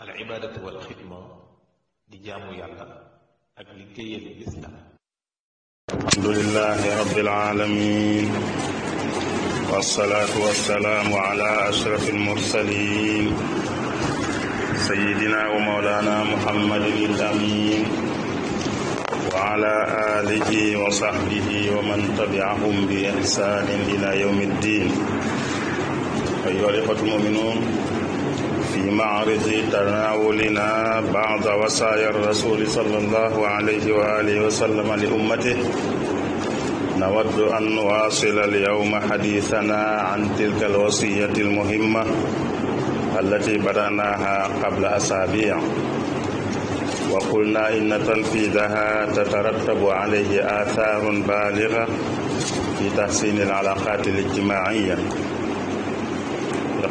al ibaadatu wal xidma di jaamu yàlla ak liggéeyal lislaam alhamdulilahi rabbil alamin والصلاة والسلام على أشرف المرسلين سيدنا ومولانا محمد الأمين وعلى آله وصحبه ومن تبعهم بإحسان إلى يوم الدين أيها الإخوة المؤمنون بمعرض تناولنا بعض وصايا الرسول صلى الله عليه وآله وسلم لأمته نود أن نواصل اليوم حديثنا عن تلك الوصية المهمة التي بدأناها قبل أسابيع وقلنا إن تنفيذها تترتب عليه آثار بالغة في تحسين العلاقات الاجتماعية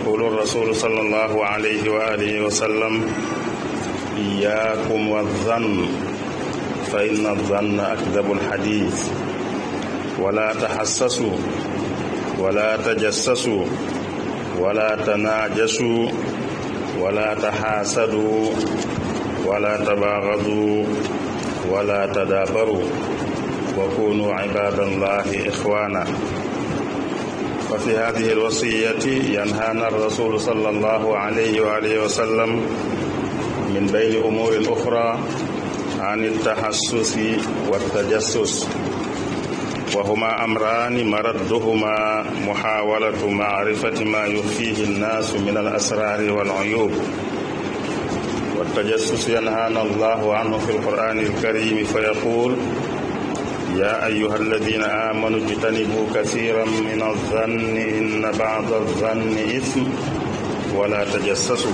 يقول الرسول صلى الله عليه وآله وسلم إياكم والظن فإن الظن أكذب الحديث ولا تحسسوا ولا تجسسوا ولا تناجسوا ولا تحاسدوا ولا تباغضوا ولا تدابروا وكونوا عباد الله إخوانا وفي هذه الوصية ينهانا الرسول صلى الله عليه وآله وسلم من بين أمور أخرى عن التحسس والتجسس وهما أمران مردهما محاولة معرفة ما يخفيه الناس من الأسرار والعيوب والتجسس ينهانا الله عنه في القرآن الكريم فيقول يا أيها الذين آمنوا اجتنبوا كثيرا من الظن إن بعض الظن إثم ولا تجسسوا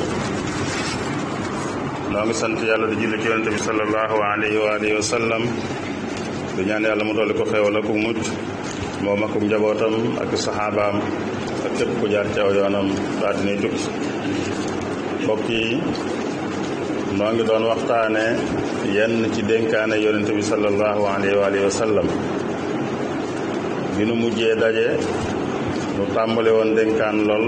noo ngi sant yàlla di julli ci yonente bi sallallahu alayhi wa alihi wa sallam di ñaan yàlla mu dolli ko xéewal ak mucc moom ak njabootam ak saxaabaam ak képp ku jaar ci aw yoonam ba àddina tukki mbokk yi noo ngi doon waxtaane yenn ci dénkaane yonent bi sallallahu alayhi wa sallam bi nu mujjee daje nu tàmbale woon dénkaan lool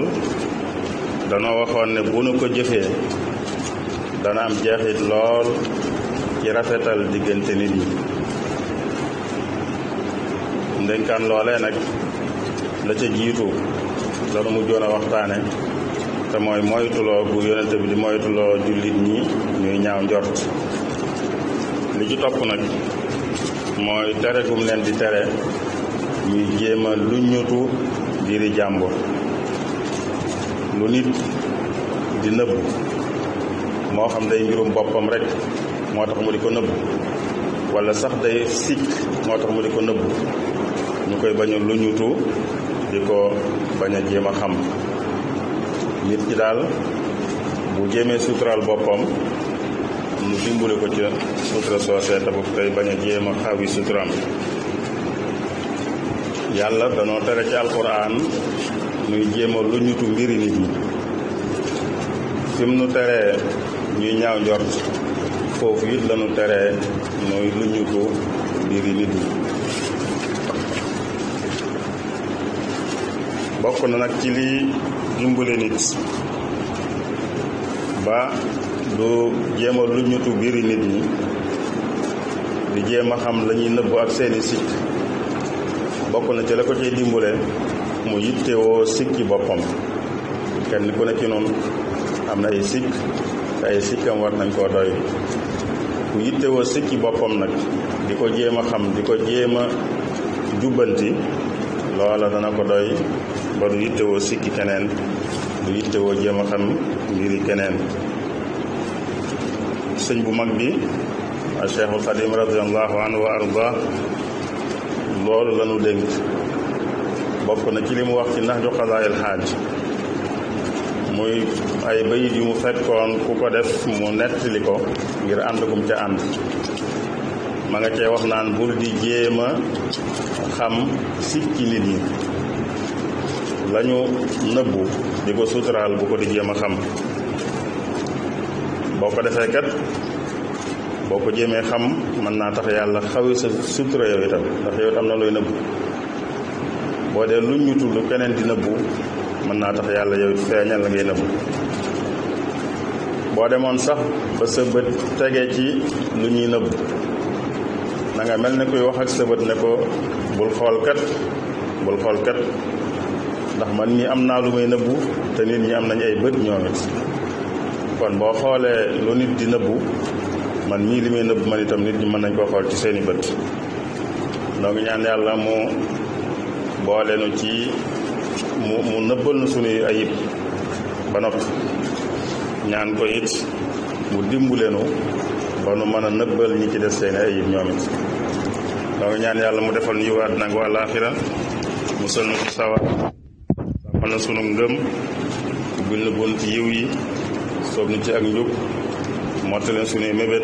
danoo waxoon ne bu nu ko jëfee dana am jeexit lool ci rafetal diggante nit ñi dénkaan loolee nag la ca jiitu danu mujjoon a waxtaane te mooy moytuloo bu yonente bi di moytuloo jullit ñi ñuy ñaaw njort li ci topp nag mooy tere gum leen di tere ñuy jéem lu ñutu diri jàmbur lu nit di nëbb moo xam day mbirum boppam rek moo tax mu di ko nëbb wala sax day sikk moo tax mu di ko nëbb ñu koy bañ lu ñutu di ko bañ a jéema xam nit ñi daal bu jéemee suturaal boppam mu dimbale ko ca sutura soosee te bu koy bañ a jéem a xawi suturaam yàlla danoo tere ci alxuraan ñuy jéema a lu ñutu mbiri nit ñi fi nu teree ñuy ñaaw njort foofu it lañu teree mooy lu ñutu mbiri nit ñi bokk na nag ci lii dimbale nit ba du jéem a lu ñutu biiri nit ñi di jéem a xam lañuy ñuy nëbbu ak seeni sikk bokk na ci la ko ciy dimbale mu yittewoo sikki boppam kenn ku ne noonu am na ay sikk te ay sikkam war nañ koo doy mu yittewoo sikki boppam nag di ko jéem a xam di ko jéem a jubbanti loola dana ko doy ba du yittewoo sikki keneen du yittewoo jéem a xam mbiri keneen sëñ bu mag bi a cheikhul xadim radiallahu anhu wa arda loolu lanu dénk bokk na ci li mu wax ci nax ju xadaayil xaaj muy ay bayit yu mu fekkoon ku ko def mu nettali ko ngir ànd kum ca ànd ma nga cee wax naan bul di jéema xam sikki nit ñi la ñu nëbbu di ko suuturaal bu ko di jéem a xam boo ko defee kat boo ko jéemee xam mën naa tax yàlla xawi sa sutura yow itam ndax yow it am na looy nëbbu boo dee lu ñu tudd keneen di nëbbu mën naa tax yàlla yow it feeñal la ngay nëbbu boo demoon sax ba sa bët tegee ci lu ñuy nëbbu na nga mel ne kuy wax ak sa ne ko bul xool kat bul xool kat ndax man mii am naa lu may nëbbu te nit ñi am nañ ay bët ñoom kon boo xoolee lu nit di nëbbu man mii li may nëbbu man itam nit ñi mën nañ koo xool ci seeni bët noo ngi ñaan yàlla mu boole nu ci mu mu nëbbal nu suñuy ba noppi ñaan mu dimbaleenu ba nu mën a ci des seeni ayib yàlla mu defal ñu yiwaat nag wa alaaxira nu ci sawar yokk na sunu ngëm ubbil na bunt yiw yi soob nu ci ak njub mottaleen sunuy mébét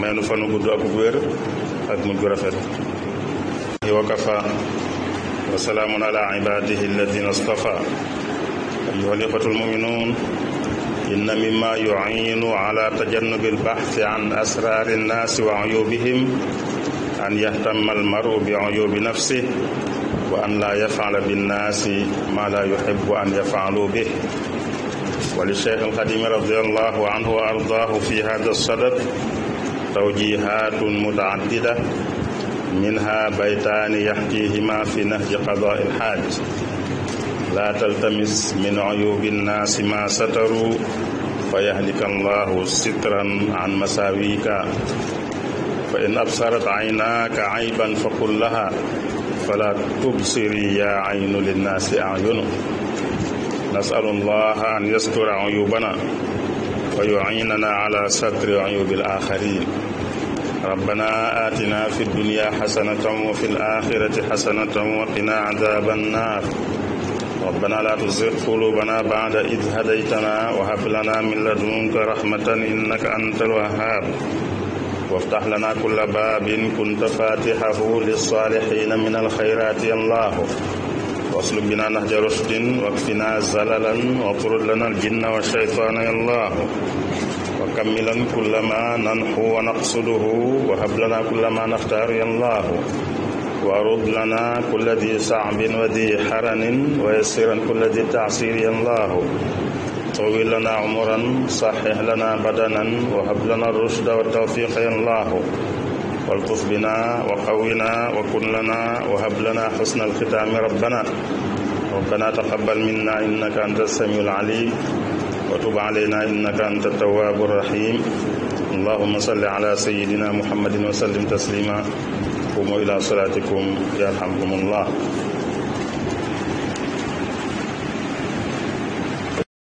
may nu fanu gudd ak wér ak mujj gu rafet wa kafa wa salaamun ala ibadihi alladina astafa ayuha alixatu almuminuun inna mima yuciinu ala tajannubi albaxthi an asraari annaasi wa cuyubihim an yahtama almaru bi cuyubi nafsih wa an laa yafaala binnaasi maa laa yuxibu an yafaalu bih wa li cheikh alxadimi radiallahu anhu wa ardaahu fi hada sadad tawjihatun mutaaddida minha baytaani yaxkiihima fi nahji qadaa ilxaaj laa taltamis min uyubi nnaasi maa sataru fa yahlika allahu sitran an masaawika fa in absarat aynaaka ayban fa qul laha فلا تبصري يا عين للناس أعين نسأل الله أن يستر عيوبنا ويعيننا على ستر عيوب الآخرين ربنا آتنا في الدنيا حسنة وفي الآخرة حسنة وقنا عذاب النار ربنا لا تزغ قلوبنا بعد إذ هديتنا وهب لنا من لدنك رحمة إنك أنت الوهاب وافتح لنا كل باب كنت فاتحه للصالحين من الخيرات يا الله واسلك بنا نهج رشد واكفنا زللا واطرد لنا الجن والشيطان يا الله وكملا كل ما ننحو ونقصده وهب لنا كل ما نختار يا الله وارد لنا كل ذي صعب وذي حرن ويسرا كل ذي تعسير يا الله طول لنا عمرا صحح لنا بدنا وهب لنا الرشد والتوفيق يا الله والطف بنا وقونا وكن لنا وهب لنا حسن الختام ربنا ربنا تقبل منا إنك أنت السميع العليم وتب علينا إنك أنت التواب الرحيم اللهم صل على سيدنا محمد وسلم تسليما قوموا إلى صلاتكم يرحمكم الله